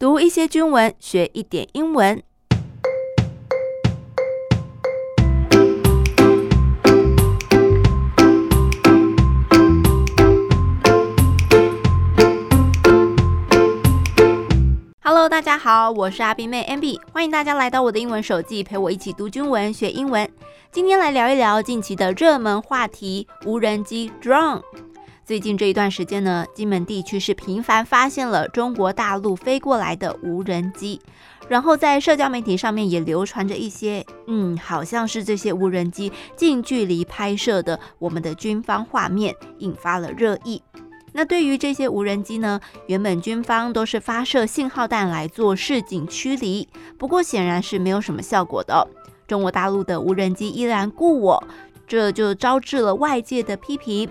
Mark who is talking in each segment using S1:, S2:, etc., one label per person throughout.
S1: 讀一些中文，學一點英文。Hello，大家好，我是阿冰妹 MB，歡迎大家來到我的英文手記，陪我一起讀中文，學英文。今天來聊一聊近期的熱門話題——無人機 Drone。最近這一段時間呢，金門地區是頻繁發現了中國大陸飛過來的無人機，然後在社交媒體上面也流傳着一些，嗯，好像是這些無人機近距離拍攝的我們的軍方畫面，引發了熱議。那對於這些無人機呢，原本軍方都是發射信號彈來做示警驅離，不過顯然是沒有什麼效果的，中國大陸的無人機依然故我，這就招致了外界的批評。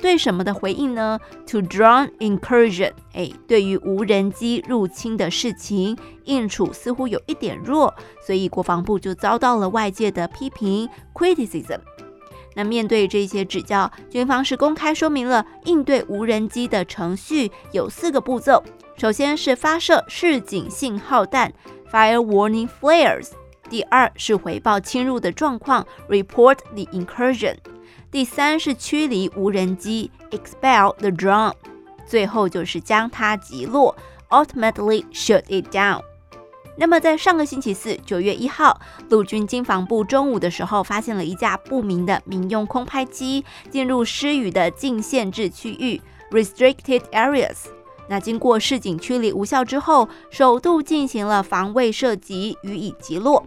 S1: 對什麼的回應呢？To drone incursion，誒、哎，對於無人機入侵的事情，應處似乎有一點弱，所以國防部就遭到了外界的批評。Criticism。那面對這些指教，軍方是公開說明了應對無人機的程序有四個步驟：首先是發射示警信號彈 （fire warning flares），第二是回報侵入的狀況 （report the incursion）。第三是驅離無人機，expel the drone，最後就是將它擊落，ultimately shoot it down。那麼在上個星期四，九月一號，陸軍金防部中午的時候，發現了一架不明的民用空拍機進入獅嶼的禁限制區域 （restricted areas）。那經過示警驅離無效之後，首度進行了防衛射擊予以擊落。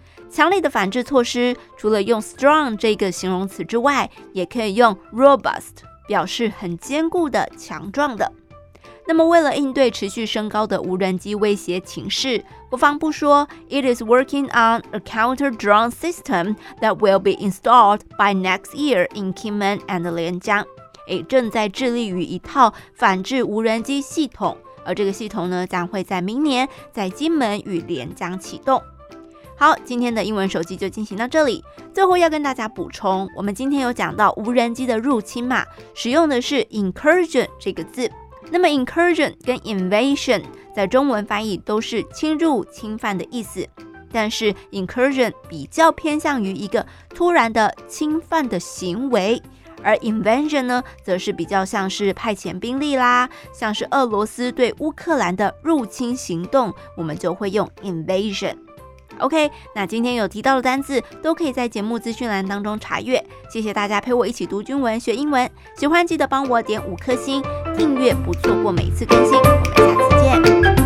S1: 強力的反制措施，除了用 strong 這個形容詞之外，也可以用 robust 表示很堅固的、強壯的。那麼，為了應對持續升高的無人機威脅情勢，國防部說：“It is working on a counter-drone system that will be installed by next year in Kinmen and 連江。”它正在致力於一套反制無人機系統，而這個系統呢，將會在明年在金門與連江啟動。好，今天的英文手機就進行到這裡。最後要跟大家補充，我們今天有講到無人機的入侵嘛，使用的是 incursion 這個字。那麼 incursion 跟 invasion 在中文翻譯都是侵入、侵犯的意思，但是 incursion 比較偏向於一個突然的侵犯的行為，而 invasion 呢，則是比較像是派遣兵力啦，像是俄羅斯對烏克蘭的入侵行動，我們就會用 invasion。OK，那今天有提到的單字都可以在節目資訊欄當中查閱。謝謝大家陪我一起讀軍文學英文，喜歡記得幫我點五顆星，訂閱不錯過每一次更新。我們下次見。